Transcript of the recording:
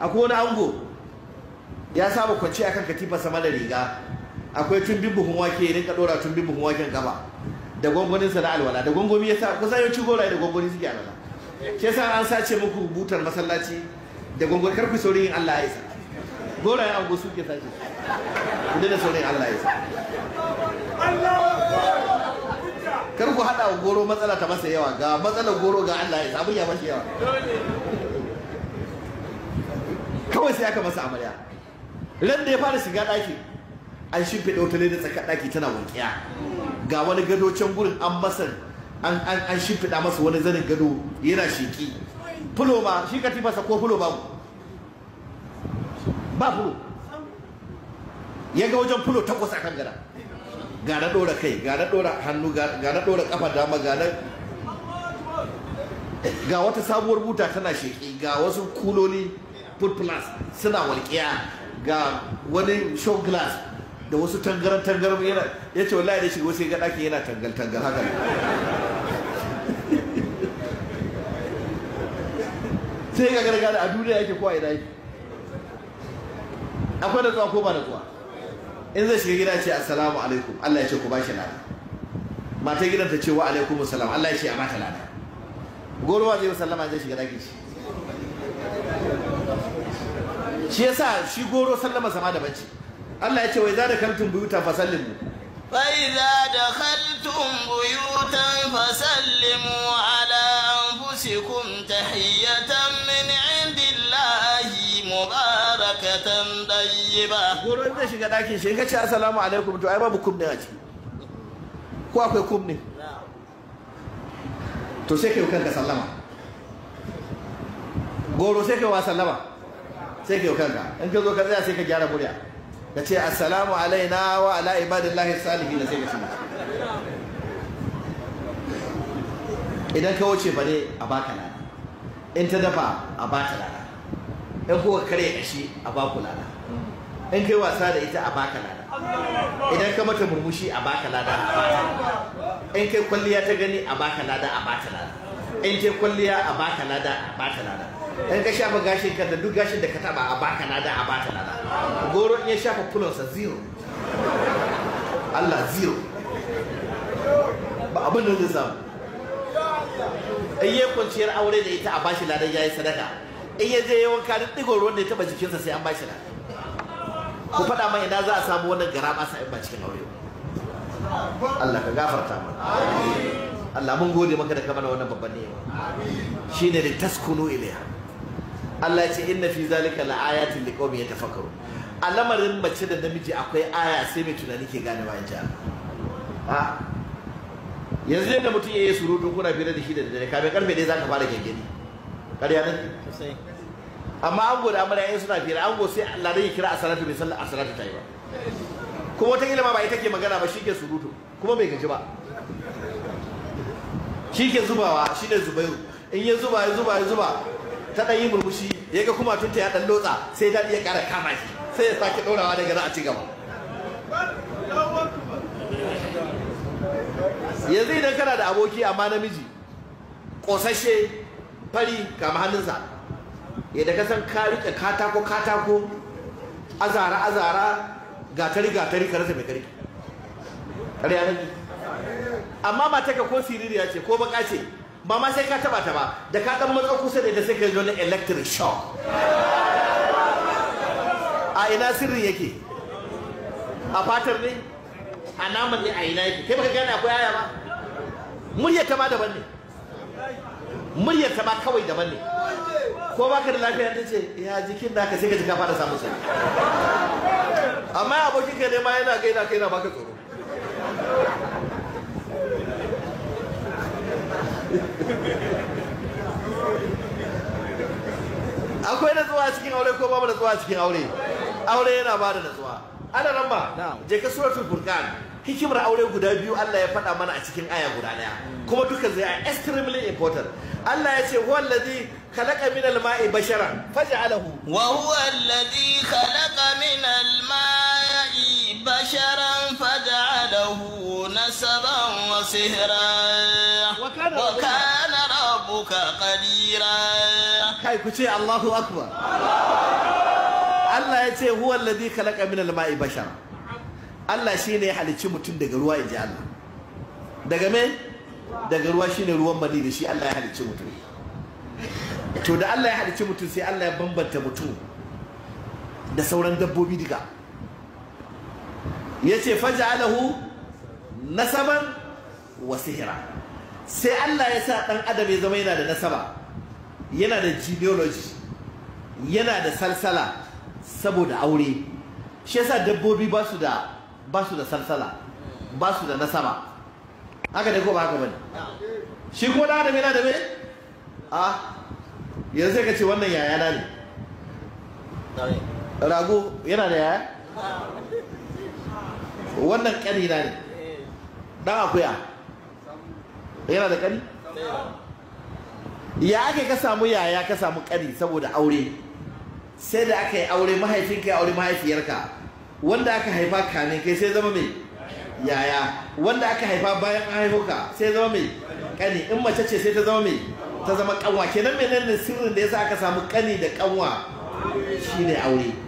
akwai wani ango ya saba kwanci akan katifa sama da riga akwai tumbin buhun wake ya rinka dora tumbin buhun waken gaba da gwangwanin sa na alwala da gwangwani ya sa kusan yawanci goraye da gwangwani suke alwala ke sa an sace muku butar masallaci da gwangwani karku saurin yin Allah ya isa goraye ango suke sace ku dena saurin Allah ya isa kar ku haɗa goro matsala ta masa yawa ga matsalar goro ga Allah ya isa abin ya mashi yawa kawai sai aka masa amarya ran da ya fara shiga ɗaki an shimfiɗa wata da tsakar ɗaki tana wankiya ga wani gado can gurin an masa an an an shimfiɗa masa wani zanin gado yana shiki fulo ba shi katifarsa ko fulo babu ba fulo ya ga wajen fulo takwas a kan gara ga na ɗora kai ga na ɗora hannu ga na ɗora ƙafa dama ga na ga wata sabuwar buta tana sheki ga wasu kuloli food plus suna walƙiya ga wani show glass da wasu tangaran tangaran yana ya ce wallahi da shiga wasu ya ga ɗakin yana tangal tangal haka sai ga gargar a duniya yake ko a ina yi akwai da tsawa ko ba da tsawa in zai shiga gida ce assalamu alaikum Allah ya ce ku shi lada mata gidan ta ce wa alaikum assalam Allah ya ce a mata lada gorowa zai sallama zai shiga daki shi. shi yasa shi goro sallama zama da bacci Allah ya ce wai za da kaltun buyuta fa sallimu fa idza dakhaltum buyutan fa sallimu ala anfusikum tahiyatan min indillahi mubarakatan tayyiba goron da shiga dakin shi kace assalamu alaikum to ai babu kumne a ciki ko akwai kumne to sai kai kanka sallama goro sai kai wa sallama sai ka yi kanka in ka zo ka tsaya sai ka gyara murya ka ce assalamu alaina wa ala salihi da sai ka ci idan ka wuce bare a baka lada in ta dafa a baka lada in kuka kare kashi a baku lada in kai wasa da ita a baka lada idan ka mata murmushi a baka lada a lada in kai kwalliya ta gani a baka lada a baka lada in kai kwalliya a baka lada a baka lada in ka shafa gashin ka da duk gashin da ka taba a baka da a na da. goro in ya shafa fulonsa zero Allah zero ba abin da zai samu in yi kwanciyar aure da ita a bashi ladan ya yi sadaka in zai yi yawan karin ɗigon ruwan da ya taba jikinsa sai an bashi ladan ku faɗa mai ina za a samu wannan gara ba in ba cikin aure Allah ka gafarta mana Allah mun gode maka da ka mana wannan babban ni'ima shine da taskunu ilaiha Allah ya ce inna fi zalika laayatin tafa yatafakkarun a lamarin mace da namiji akwai aya sai mai tunani ke gane ba inji Allah yanzu yadda mutum ya yi surutu kuna fira da shi da dare kafin karfe za zaka fara gengeni ƙarya ne amma ango da amarya in suna fira ango sai ladan ya kira a salatu bai sallar a salatu ta yi ba kuma wata ilima ba ita ke magana ba shi ke surutu kuma bai gaji ba shi ke zubawa shi ne zubairu in ya zuba ya zuba ya zuba ta ɗan yi murmushi ya ga kuma tunta ya ɗan lotsa sai daɗi ya ƙara kama shi sai ya sake ɗorawa daga za a ci gaba yanzu idan kana da aboki amma namiji ƙosashe fari kama hannunsa ya daga san ka riƙe katako katako azara azara gatari gatari ka rasa mai amma mata ka ko siririya ce ko baka ce ba ma sai ka taba ta ba da ka dan matsa kusa da ita sai ka yi wani electric shock a ina sirri yake a fatar ne a naman ne a ina yake kai baka gane akwai aya ba muryar ta ma daban ne muryar ta ma kawai daban ne ko baka da lafiya ta ce ya jikin ka sai ka ji ka fara samu sai amma abokin ka ne ma yana gaina kai na baka tsoro akwai natsuwa a cikin aure ko babu natsuwa a cikin aure aure yana ba da natsuwa ana nan ba je ka suratul furqan hikimar aure guda biyu Allah ya faɗa mana a cikin aya guda ɗaya kuma dukkan zai a extremely important Allah ya ce huwa alladhi khalaqa min al-ma'i basharan faj'alahu wa huwa alladhi khalaqa min al-ma'i basharan faj'alahu nasaban wa sihran وكان ربك قديرا كاي كوتي الله اكبر Allah ya ce huwa alladhi khalaqa min al-ma'i bashara Allah shine ya halicci mutum daga ruwa inji Allah daga me daga ruwa shine ruwan da shi Allah ya halicci mutum to da Allah ya halicci mutum sai Allah ya bambanta mutum da sauran dabbobi duka yace faj'alahu nasaban wa sihra sai Allah ya sa ɗan adam ya zama yana da nasaba yana da genealogy yana da salsala saboda aure shi yasa dabbobi ba su da ba su da salsala ba su da nasaba haka ne ko ba haka bane shi ko da adam yana da me a yanzu sai ka ce wannan yaya na ne rago yana da yaya wannan ƙari na ne dan akuya yana da ƙari ya ake ka samu yaya ka samu kari saboda aure sai da aka yi aure mahaifinka ya aure mahaifiyarka wanda aka haifa kamin kai sai zama mai yaya wanda aka haifa bayan an haihuka sai zama mai ƙani in mace ce sai ta zama mai ta zama ƙanwa kenan menene sirrin da yasa aka samu ƙani da ƙanwa shine aure